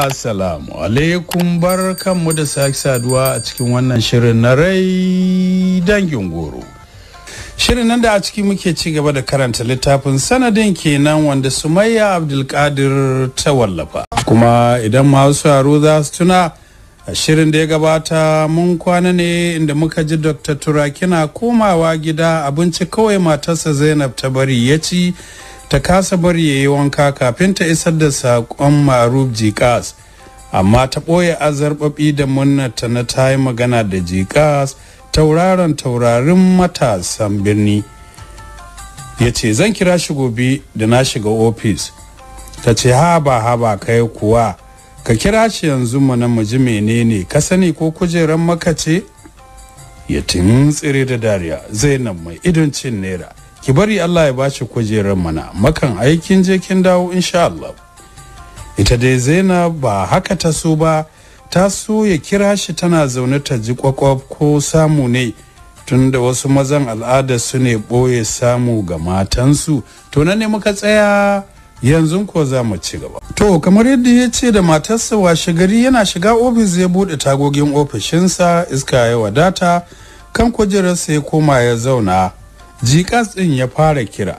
Assalamu alaikum bar kanmu da sake saduwa a cikin wannan shirin na rai dangin goro. Shirin nan da a ciki muke ci gaba da karanta littafin sanadin kenan wanda Sumayya Abdulkadir ta wallafa. Kuma idan masu yaro za su tuna a shirin da ya gabata mun kwana ne inda muka ji Dr. Turakina komawa gida abinci kawai matarsa Zainab ta bari ya ci ta kasa bari ya yi wanka kafin ta isar da saƙon maruf jikas amma ta ɓoye azarɓaɓi da munnata na ta yi magana da jikas tauraron taurarin matasan birni ya ce zan kira shi gobe da na shiga ofis ta ce haba haba kai kuwa ka kira shi yanzu mana mu menene ka sani ko kujeran maka ce ya tuntsire da dariya zainab mai idon cin naira ki bari Allah ya bace kujerar mana makan aikin je kin dawo insha Allah ita dai zaina ba haka ta so ba ta so ya kira shi tana zaune ta ji kwakwaf ko samu ne tunda wasu mazan al'ada su ne boye samu ga matansu to nan ne muka tsaya yanzu ko za mu ci gaba to kamar yadda ya ce da matarsa washe gari yana shiga ofis ya buɗe tagogin ofishinsa iska ya wadata kan kujerarsa ya koma ya zauna jikas ɗin ya fara kira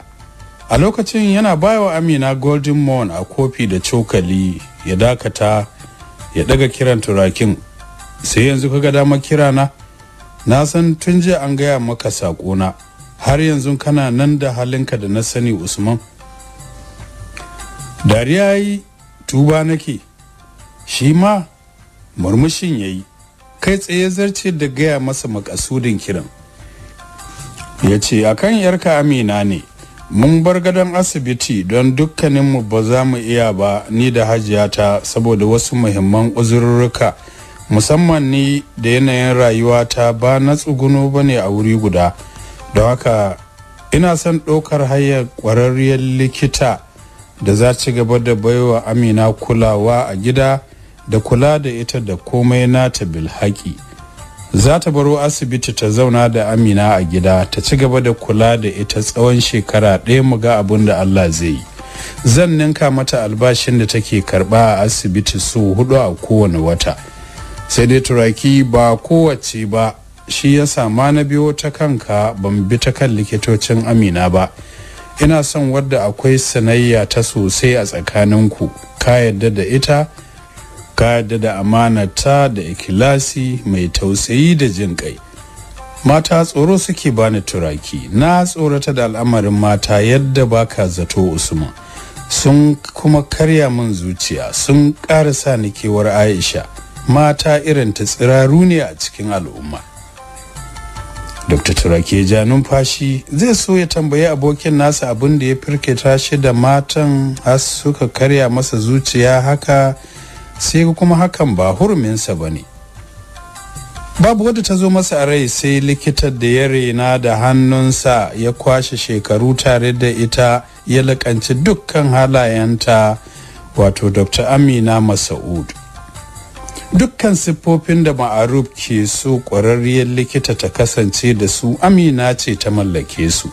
a lokacin yana bawa amina golden moon a kofi da cokali ya dakata ya daga kiran turakin sai yanzu kaga dama kira na na san tun jiya an gaya maka na har yanzu kana nan da halinka da na sani usman dariya yi tuba nake shi ma murmushin ya yi kai tsaye zarce da gaya masa makasudin kiran ya ce a kan yarka amina ne mun bar gadon asibiti don dukkaninmu ba za mu iya ba ni da hajiyata saboda wasu muhimman uzurruka musamman ni da yanayin rayuwa ta ba na tsuguno ba ne a wuri guda don haka ina son ɗaukar hayar ƙwararriyar likita da za ci gaba da baiwa amina kulawa a gida da kula da ita da komai na ta bilhaki za ta baro asibiti ta zauna da amina a gida ta ci gaba da kula da ita tsawon shekara ɗaya mu ga abin da allah zai yi zan ninka mata albashin da take karba a asibiti su hudu a kowane wata sai dai turaki ba kowace ba shi ya sama na biyo ta kanka ban bi ta kan likitocin amina ba ina son wadda akwai sanayya ta sosai a tsakaninku ka yadda da ita ka yadda da amanata da ikilasi mai tausayi da jin kai mata tsoro suke bani turaki na tsorata da al'amarin mata yadda baka zato usman sun kuma karya min zuciya sun karasa ni kewar aisha mata irin ta tsiraru ne a cikin al'umma dr turake ja numfashi zai so ya tambayi abokin nasa abin da ya firkita shi da matan har suka karya masa zuciya haka sai kuma hakan ba huruminsa ba ne babu wadda ta zo masa a rai sai likitar da ya rena da hannunsa ya kwashe shekaru tare da ita ya lakanci dukkan halayenta wato dr amina masa'ud dukkan siffofin da ma'aruf ke so ƙwararriyar likita ta kasance da su amina ce ta mallake su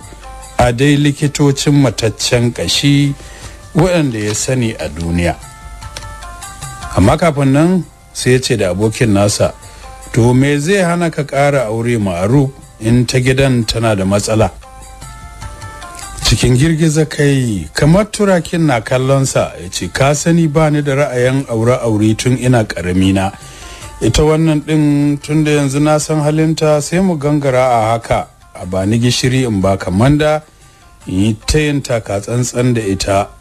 a dai likitocin mataccen ƙashi waɗanda ya sani a duniya amma kafin nan sai ya ce da abokin nasa to me zai hana ka ƙara aure ma'aru in ta gidan tana da matsala cikin girgiza kai kamar turakin na kallonsa ya ce ka sani ba ni da ra'ayin aure aure tun ina ƙarami na ita wannan ɗin tun da yanzu na san halinta sai mu gangara a haka a bani gishiri in ba kamanda yi ta yin taka tsantsan da ita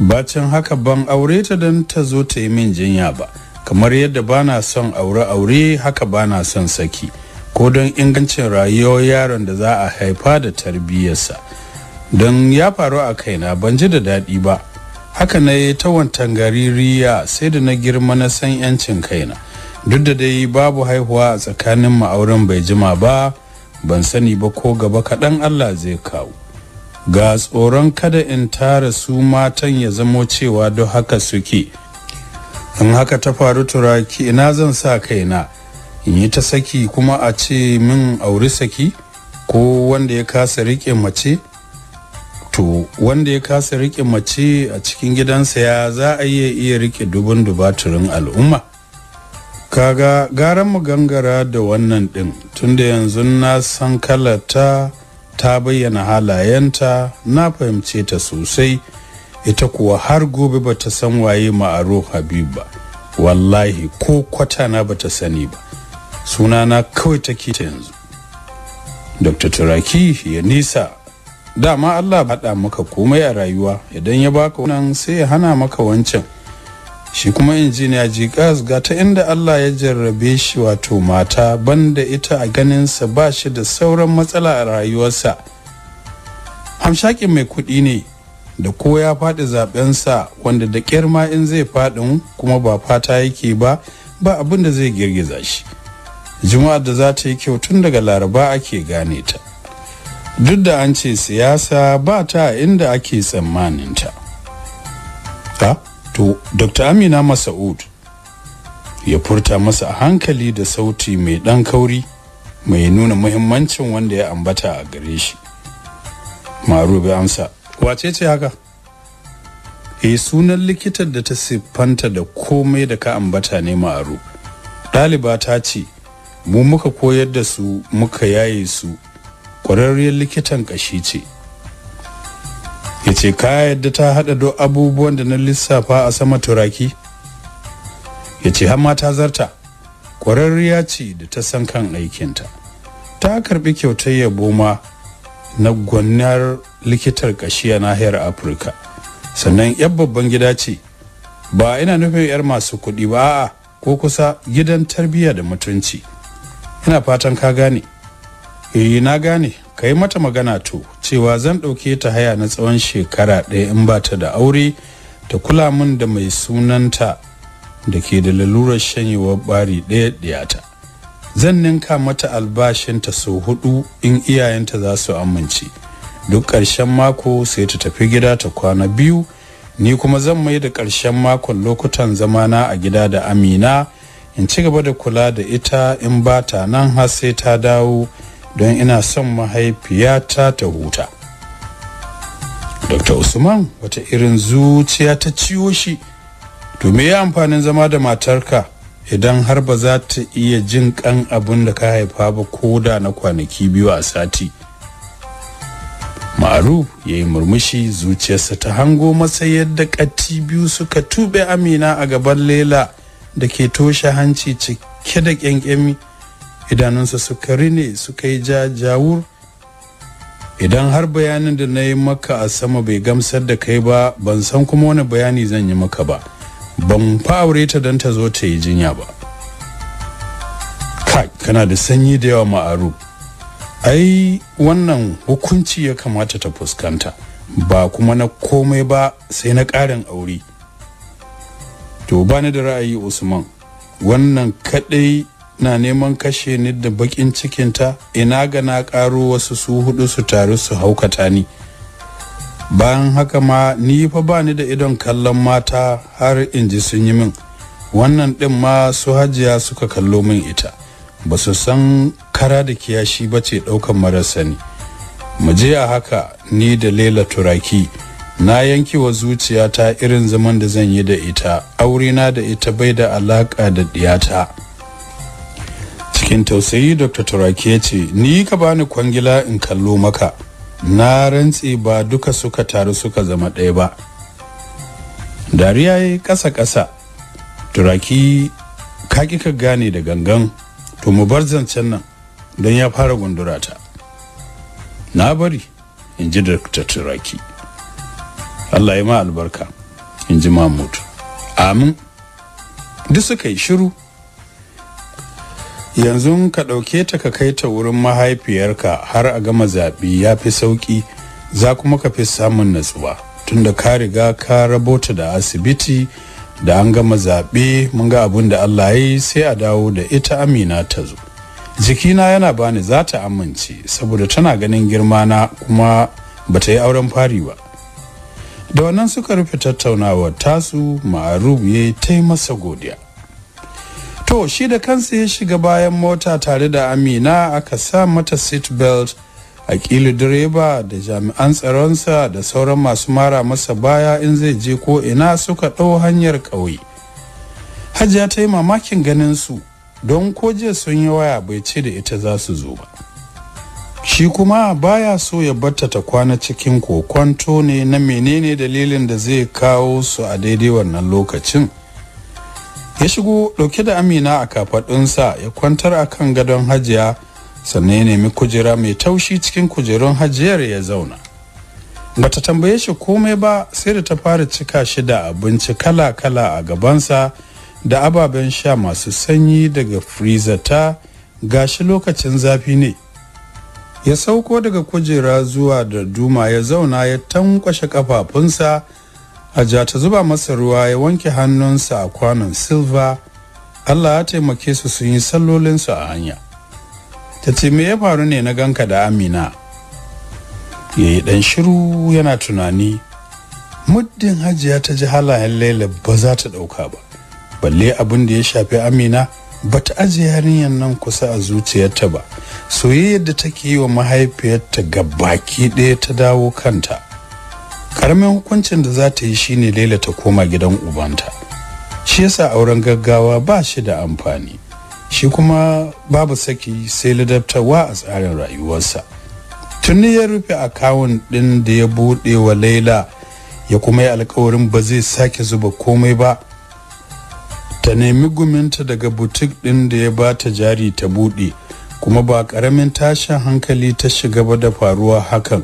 bacin haka ban aure ta don ta zo ta yi min jinya ba kamar yadda bana son aure-aure haka bana son saki ko don ingancin rayuwar yaron da za a haifa da tarbiyyarsa don ya faru a kaina ban ji da daɗi ba haka na yi ta wantan gaririya sai da na girma na san yancin kaina duk da dai babu haihuwa a tsakanin ma'auren bai jima ba ban sani ba ko gaba kaɗan allah zai kawo ga tsoron kada in tara su matan ya zamo cewa don haka suke in haka ta faru turaki ina zan sa kaina in yi ta saki kuma a ce min auri saki ko wanda ya kasa riƙe mace to wanda ya kasa rike mace a cikin gidansa ya za a iya iya riƙe dubun dubaturin al'umma kaga garan mu gangara da wannan din, tunda yanzu na san kalata ta bayyana halayenta na fahimce ta sosai ita kuwa har gobe ba ta san waye ma'aro habib ba wallahi ko kwatana na ba ta sani ba sunana kawai take ta yanzu dr turaki ya nisa dama allah haɗa maka komai a rayuwa idan ya baka wannan sai ya hana maka wancan shi kuma injiniya jikas ga ta inda allah ya jarrabe shi wato mata banda ita a ganinsa ba shi da sauran matsala a rayuwarsa hamshakin mai kuɗi ne da ko ya faɗi zaɓensa wanda da ƙyar ma in zai faɗin kuma ba fata yake ba ba abin da zai girgiza shi juma'ar da za ta yi kyau tun daga laraba ake gane ta duk da an ce siyasa ba ta inda ake tsammaninta ta to dr amina masa'ud ya furta masa hankali da sauti mai dan kauri mai nuna muhimmancin wanda ya ambata a gare shi marubi amsa wace ce haka e sunan likitar da ta siffanta da komai da ka ambata ne maru ɗaliba ta ce mu muka koyar da su muka yaye su ƙwararriyar likitan ƙashi ce ya ce ka yadda ta haɗa do abubuwan da na lissafa a sama turaki ya ce har mata ta zarta ƙwararriya ce da ta san kan aikinta ta karɓi kyautar yabo ma na gwannar likitar ƙashi a nahiyar afirka sannan yan babban gida ce ba ina nufin yar masu kuɗi ba a'a ko kusa gidan tarbiyya da mutunci ina fatan ka gane eh na gane ka yi mata magana to cewa zan ɗauke ta haya na tsawon shekara ɗaya in ba ta da aure ta kula min da mai sunanta da ke da lalurar shanyewar bari ɗaya ɗaya ta zan ninka mata albashin ta sau hudu in iyayenta za su amince duk ƙarshen mako sai ta tafi gida ta kwana biyu ni kuma zan mai da ƙarshen makon lokutan zamana a gida da amina in ci gaba da kula da ita in ba ta nan har sai ta dawo don ina son mahaifiyata ta huta dr usman wata irin zuciya ta ciwo shi to me ya amfanin zama da matarka idan har ba za ta iya jin kan abin da ka haifa ba ko da na kwanaki biyu a sati ma'aruf ya yi murmushi zuciyarsa ta hango masa yadda ƙati biyu suka tube amina a gaban lela da ke toshe hanci cike da ƙyanƙyami idanunsa suka rine suka yi ja jawur idan har bayanin da na yi maka a sama bai gamsar da kai ba ban san kuma wani bayani zan yi maka ba ban fa aure ta don ta zo ta yi jinya ba kai kana da sanyi da yawa ma'aru ai wannan hukunci ya kamata ta fuskanta ba kuma na komai ba sai na ƙarin aure to bani da ra'ayi usman wannan kaɗai na neman kashe ni da bakin cikinta ina ga na karo wasu su hudu su taru su haukata ni bayan haka ma ni fa ba ni da idon kallon mata har in ji sun yi min wannan ɗin ma su hajiya suka kallo min ita ba su san kara da kiyashi ba ce ɗaukan marasa ni mu je a haka ni da lela turaki na yanke wa zuciyata irin zaman da zan yi da ita aurena da ita bai da alaƙa da diyata. cikin tausayi dr turaki ya ce ni ka bani kwangila in kallo maka na rantse ba duka suka taru suka zama ɗaya ba dariya ya yi ƙasa ƙasa turaki kaki ka gane da gangan to mu bar zancen nan don ya fara gundurata na bari in ji dr turaki allah ya ma albarka in ji mahmud amin duk suka yi shiru yanzu ka ɗauke ta ka kai ta wurin mahaifiyarka har a gama zaɓe ya fi sauƙi za kuma ka fi samun natsuwa tunda ka riga ka rabota da asibiti da an gama zaɓe mun ga abun da Allah ya yi sai a dawo da ita amina ta zo jikina yana bani za ta amince saboda tana ganin girmana kuma ba ta yi auren fari ba da wannan suka rufe tattaunawar tasu ma'arub ya yi ta masa godiya to shi da kansa ya shiga bayan mota tare da amina aka sa mata seat belt kili direba da jami'an tsaronsa da sauran masu mara masa baya in zai je ko ina suka ɗau hanyar ƙauye hajiya ta yi mamakin ganin su don ko jiya sun yi waya bai ce da ita za su zo ba shi kuma baya so ya batta ta kwana cikin kokonto ne na menene dalilin da zai kawo su a daidai wannan lokacin ya shigo dauke da amina a kafadunsa ya kwantar a kan gadon hajiya sannan ya nemi kujera mai taushi cikin kujerun hajiyar ya zauna bata tambaye shi komai ba sai da ta fara cika shi da abinci kala-kala a gabansa da ababen sha masu sanyi daga freezer ta gashi lokacin zafi ne ya sauko daga kujera zuwa da duma ya zauna ya tankwashe kafafunsa Hajja ta zuba masa ruwa ya wanke hannunsa a kwanon silva. Allah ya taimake su sun yi sallolinsu a hanya. Ta ce me ya faru ne na ganka da Amina? Ya yi ɗan shiru yana tunani. Muddin Hajiya ta ji halayen Laila ba za ta ɗauka ba. Balle abin da ya shafi Amina ba ta ajiye yarinyar nan kusa a zuciyarta ba. Soyayyar da take yi wa mahaifiyarta gabaki ɗaya ta dawo kanta. karamin hukuncin da za ta yi shine laila ta koma gidan ubanta shi yasa auren gaggawa ba shi da amfani shi kuma babu saki sai ladabtarwa a tsarin rayuwarsa tuni ya rufe akawun din da ya buɗe wa laila ya kuma yi alkawarin ba zai sake zuba komai ba ta nemi guminta daga butik din da ya bata jari ta buɗe kuma ba ƙaramin tashin hankali ta shiga ba da faruwa hakan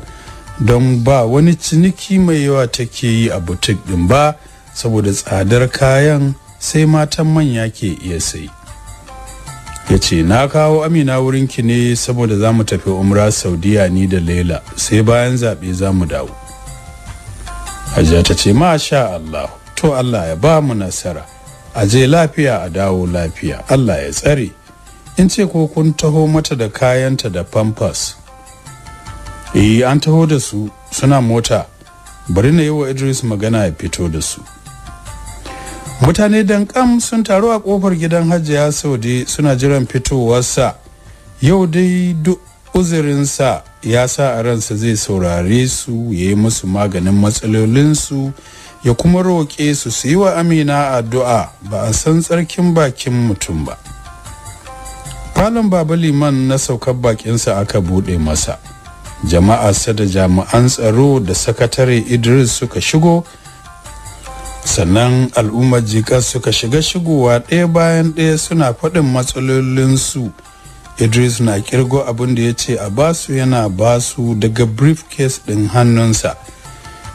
don ba wani ciniki mai yawa take yi a butik din ba saboda tsadar kayan sai matan manya ke iya sai ya ce na kawo amina wurinki ne saboda za mu tafi umra saudiya ni da laila sai bayan zaɓe za mu dawo hajiya ta ce sha allah to allah ya ba mu nasara a je lafiya a dawo lafiya allah ya tsare in ce ko kun taho mata da kayanta da pampas eh an taho da su suna mota bari na yi wa idris magana ya fito da su mutane kam sun taru a kofar gidan hajiya saudi suna jiran fitowarsa yau dai duk uzurinsa ya sa a ransa zai saurare su ya yi musu maganin matsalolinsu ya kuma roƙe su su yi wa amina addu'a ba a san tsarkin bakin mutum ba falon baba liman na saukar bakinsa aka buɗe masa jama'a da jami'an tsaro da sakatare idris suka shigo sannan al'ummar jika suka shiga shigowa ɗaya bayan ɗaya suna faɗin matsalolinsu idris na kirgo abin da ya ce a basu yana basu daga briefcase ɗin hannunsa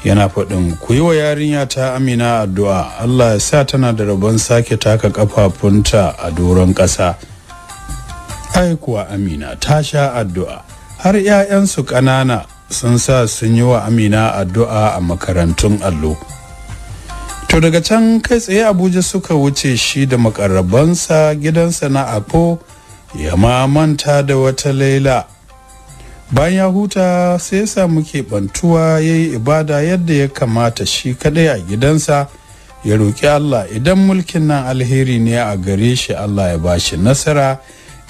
yana faɗin ku yi wa yarinya ta amina addu'a allah ya sa tana da rabon sake taka kafafunta a doron ƙasa ai kuwa amina ta sha addu'a har 'ya'yansu ƙanana sun sa sun yi wa amina addu'a a makarantun allo to daga can kai tsaye abuja suka wuce shi da makarrabansa gidansa na apo ya ma manta da wata laila bayan ya huta sai ya samu keɓantuwa ya yi ibada yadda ya kamata shi kaɗai a gidansa ya roƙi allah idan mulkin nan alheri ne a gare shi allah ya bashi nasara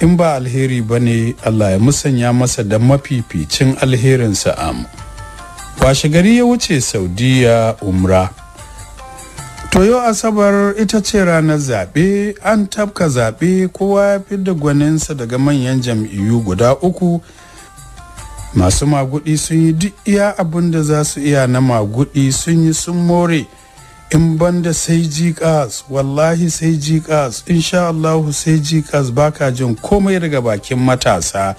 in ba alheri ba ne Allah ya musanya masa da mafificin alherinsa am washe gari ya wuce saudiya umra toyo asabar ita ce ranar zaɓe an tafka zaɓe kowa ya fi da gwaninsa daga manyan jam'iyyu guda uku masu magudi sun yi duk iya abin da za su iya na magudi sun yi sun more in banda sai jikas wallahi sai jikas insha Allah sai jikas baka jin komai daga bakin matasa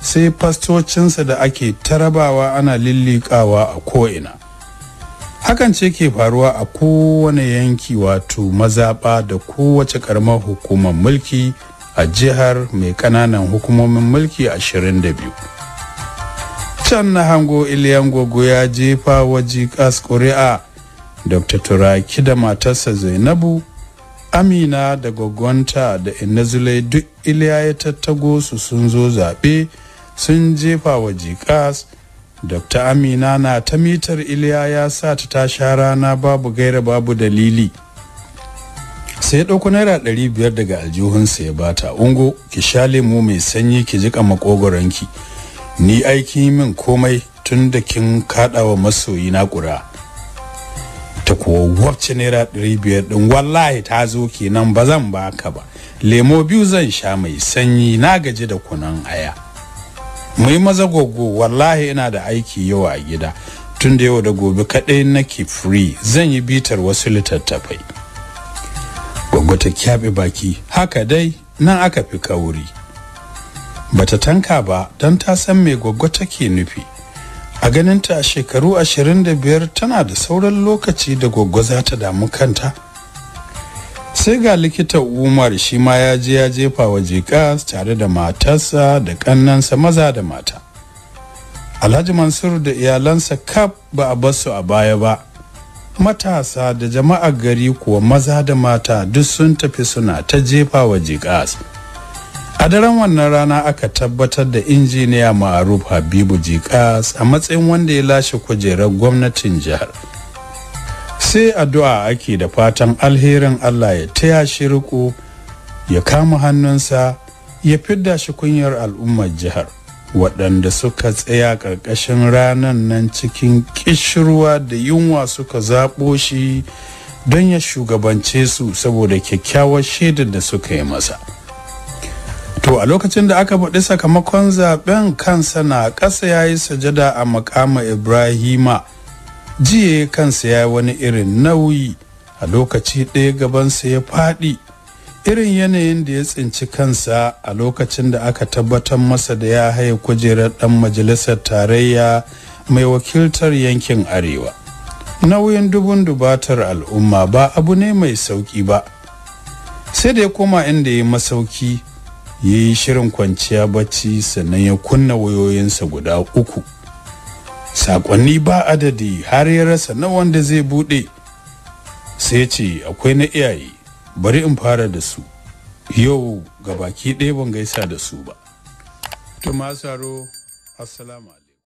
sai fastocinsa da ake tarabawa ana lillikawa a ko'ina hakan ce ke faruwa a kowane yanki wato mazaɓa da kowace karamar hukumar mulki a jihar mai kananan hukumomin mulki 22 can na hango iliyan gogo ya jefa wa jikas ƙuri'a dr turaki da matarsa zainabu amina da ta da inazulai duk iliya ya tattago su sun zo zaɓe sun jefa wa jikas dr amina na ta mitar iliya ya sa ta tasha rana babu gaira babu dalili sai ya ɗauko naira ɗari biyar daga aljihunsa ya bata ungo ki sha lemu mai sanyi ki jiƙa makogoranki ni aiki min komai tun da kin kaɗawa masoyi na ƙura ta kuwa wabce naira ɗari biyar ɗin wallahi ta zo kenan ba zan baka ba lemo biyu zan sha mai sanyi na gaji da kunan aya mai maza gogo wallahi ina da aiki yau a gida tun da yau da gobe kaɗai nake free zan yi bitar wasu littattafai gwaggo ta kyaɓe baki haka dai nan aka fi kauri bata tanka ba don ta san me gwaggo take nufi a ganinta a shekaru ashirin da biyar tana da sauran lokaci da gwaggwaza ta damu kanta sai ga likita umar shi ma ya je ya jefa wa jikas tare da matarsa da kannansa maza da mata alhaji mansur da iyalansa kaf ba a basu a baya ba matasa da jama'a gari kuwa maza da mata duk sun tafi suna ta jefa wa jikas a daren wannan rana aka tabbatar da injiniya ma'aruf habibu jikas a matsayin wanda ya lashe kujerar gwamnatin jihar sai addu'a ake da fatan alherin allah ya taya shi riko ya kama hannunsa ya fidda shi kunyar al'ummar jihar waɗanda suka tsaya ƙarƙashin ranar nan cikin ƙishirwa da yunwa suka zaɓo shi don ya shugabance su saboda kyakkyawar shaidar da suka yi masa. to a lokacin da aka faɗi sakamakon zaben kansa na ƙasa ya yi sajada a makama ibrahima jiye kansa ya yi wani irin nauyi a lokaci ɗaya gabansa ya faɗi irin yanayin da ya tsinci kansa a lokacin da aka tabbatar masa da ya haye kujerar ɗan majalisar tarayya mai wakiltar yankin arewa nauyin dubun dubatar al'umma ba abu ne mai sauƙi ba sai da ya koma inda ya yi masauki ya yi shirin kwanciya bacci sannan ya kunna wayoyinsa guda uku Saƙonni ba adadi har ya rasa na wanda zai buɗe. sai ce akwai na iyaye bari in fara da su yau ga baki ɗaya ban gaisa da su ba tumasaro assalamu